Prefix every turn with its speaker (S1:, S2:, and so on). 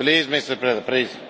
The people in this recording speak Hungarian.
S1: Please, Mr. President, please.